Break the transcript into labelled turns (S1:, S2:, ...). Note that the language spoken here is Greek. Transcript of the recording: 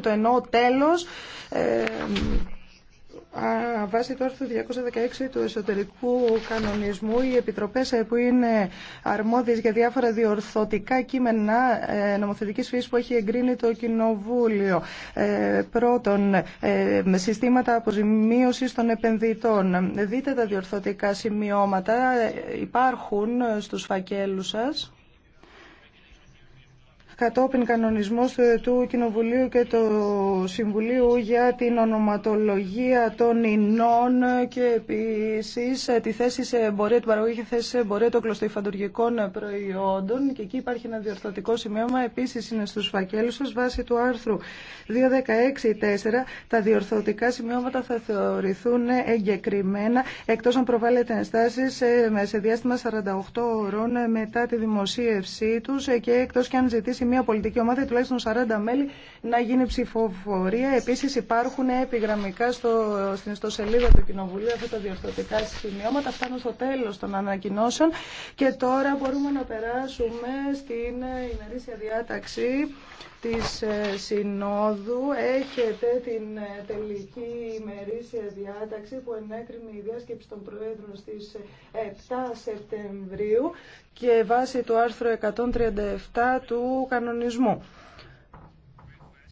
S1: το εννοώ τέλος ε, βάσει του άρθρου 216 του εσωτερικού κανονισμού οι επιτροπές που είναι αρμόδιες για διάφορα διορθωτικά κείμενα ε, νομοθετικής φύσης που έχει εγκρίνει το Κοινοβούλιο ε, πρώτον ε, συστήματα αποζημίωσης των επενδυτών δείτε τα διορθωτικά σημειώματα υπάρχουν στους φακέλους σας κατόπιν κανονισμός του Κοινοβουλίου και του Συμβουλίου για την ονοματολογία των ινών και επίσης τη θέση σε εμπορία, την παραγωγή και θέση σε εμπορία των κλωστοϊφαντουργικών προϊόντων και εκεί υπάρχει ένα διορθωτικό σημείωμα, επίσης είναι στους φακέλους σας βάσει του άρθρου 216.4 τα διορθωτικά σημειώματα θα θεωρηθούν εγκεκριμένα εκτός αν προβάλλεται ενστάσεις σε διάστημα 48 ώρων μετά τη δημοσίευσή τους και εκτός και αν ζητήσει μια πολιτική ομάδα, τουλάχιστον 40 μέλη, να γίνει ψηφοφορία. Επίση υπάρχουν επιγραμμικά στο, στην ιστοσελίδα του Κοινοβουλίου αυτά τα διορθωτικά σημειώματα. Φτάνουν στο τέλο των ανακοινώσεων και τώρα μπορούμε να περάσουμε στην ημερήσια διάταξη τη ε, Συνόδου. Έχετε την ε, τελική ημερήσια διάταξη που ενέκρινε η διάσκεψη των Προέδρων στι 7 ε, Σεπτεμβρίου και βάσει του άρθρου 137 του κανονισμού.